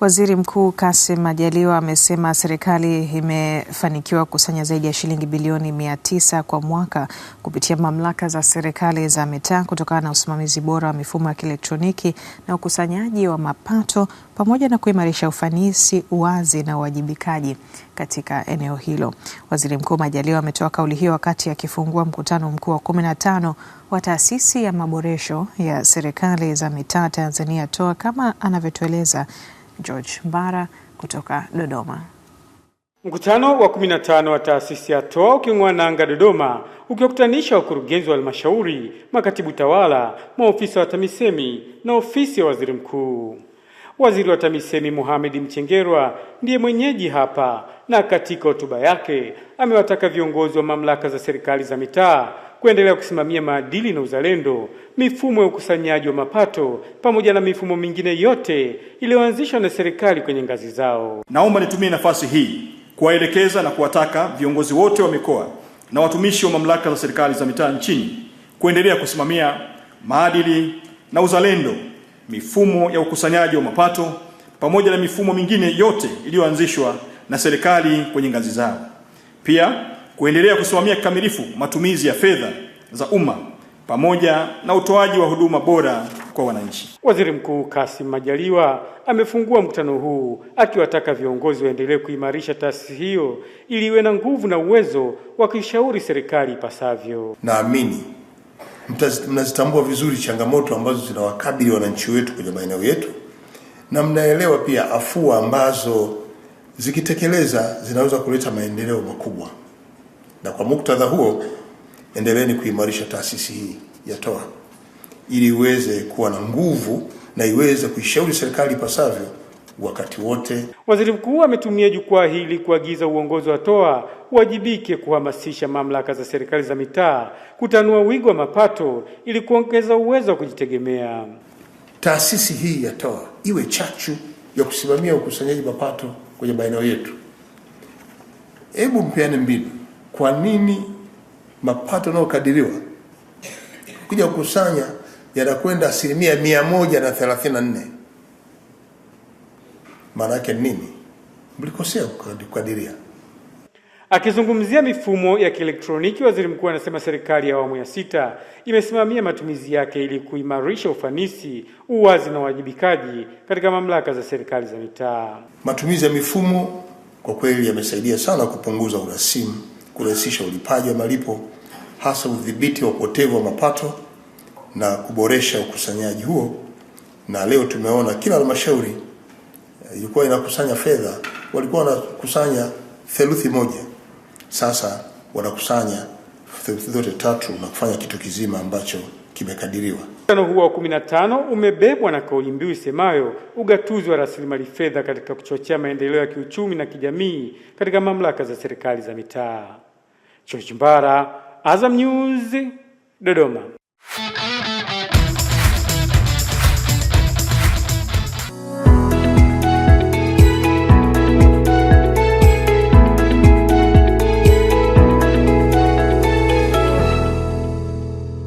Waziri Mkuu Kassim Majaliwa amesema serikali imefanikiwa kukusanya zaidi ya shilingi bilioni mia tisa kwa mwaka kupitia mamlaka za serikali za mitaa kutokana na usimamizi bora wa mifumo ya kielektroniki na ukusanyaji wa mapato pamoja na kuimarisha ufanisi, uwazi na uwajibikaji katika eneo hilo. Waziri Mkuu Majaliwa ametoa kauli hiyo wakati akifungua mkutano mkuu wa tano wa taasisi ya maboresho ya serikali za mitaa Tanzania TOA kama anavyotueleza George Mbara kutoka Dodoma. Mkutano wa 15 wa taasisi ya TOA uking'oa nanga Dodoma, ukiwakutanisha wakurugenzi wa halmashauri, makatibu tawala, maofisa wa TAMISEMI na ofisi ya waziri mkuu. Waziri wa TAMISEMI Mohamed Mchengerwa ndiye mwenyeji hapa, na katika hotuba yake amewataka viongozi wa mamlaka za serikali za mitaa kuendelea kusimamia maadili na uzalendo, mifumo ya ukusanyaji wa mapato pamoja na mifumo mingine yote iliyoanzishwa na serikali kwenye ngazi zao. Naomba nitumie nafasi hii kuwaelekeza na kuwataka viongozi wote wa mikoa na watumishi wa mamlaka za serikali za mitaa nchini kuendelea kusimamia maadili na uzalendo, mifumo ya ukusanyaji wa mapato pamoja na mifumo mingine yote iliyoanzishwa na serikali kwenye ngazi zao. Pia kuendelea kusimamia kikamilifu matumizi ya fedha za umma pamoja na utoaji wa huduma bora kwa wananchi. Waziri Mkuu Kassim Majaliwa amefungua mkutano huu akiwataka viongozi waendelee kuimarisha taasisi hiyo ili iwe na nguvu na uwezo wa kuishauri serikali ipasavyo. Naamini mnazitambua vizuri changamoto ambazo zinawakabili wananchi wetu kwenye maeneo yetu, na mnaelewa pia afua ambazo zikitekeleza zinaweza kuleta maendeleo makubwa. Na kwa muktadha huo, endeleeni kuimarisha taasisi hii ya TOA ili iweze kuwa na nguvu na iweze kuishauri serikali ipasavyo wakati wote. Waziri Mkuu ametumia jukwaa hili kuagiza uongozi wa TOA uwajibike kuhamasisha mamlaka za serikali za mitaa kutanua wigo wa mapato ili kuongeza uwezo wa kujitegemea. Taasisi hii ya TOA iwe chachu ya kusimamia ukusanyaji mapato kwenye maeneo yetu. Hebu mpeane mbinu kwa nini mapato yanayokadiriwa kuja kukusanya yanakwenda asilimia mia moja na thelathini na nne? Maana yake nini? Mlikosea kukadiria. Akizungumzia mifumo ya kielektroniki, waziri mkuu anasema serikali ya awamu ya sita imesimamia matumizi yake ili kuimarisha ufanisi, uwazi na uwajibikaji katika mamlaka za serikali za mitaa. Matumizi ya mifumo kwa kweli yamesaidia sana kupunguza urasimu kurahisisha ulipaji wa malipo, hasa udhibiti wa upotevu wa mapato na kuboresha ukusanyaji huo. Na leo tumeona kila halmashauri eh, ilikuwa inakusanya fedha, walikuwa wanakusanya theluthi moja, sasa wanakusanya theluthi zote tatu na kufanya kitu kizima ambacho kimekadiriwa. Mkutano huo wa 15 umebebwa na kauli mbiu isemayo ugatuzi wa rasilimali fedha katika kuchochea maendeleo ya kiuchumi na kijamii katika mamlaka za serikali za mitaa chochimbara Azam News, Dodoma.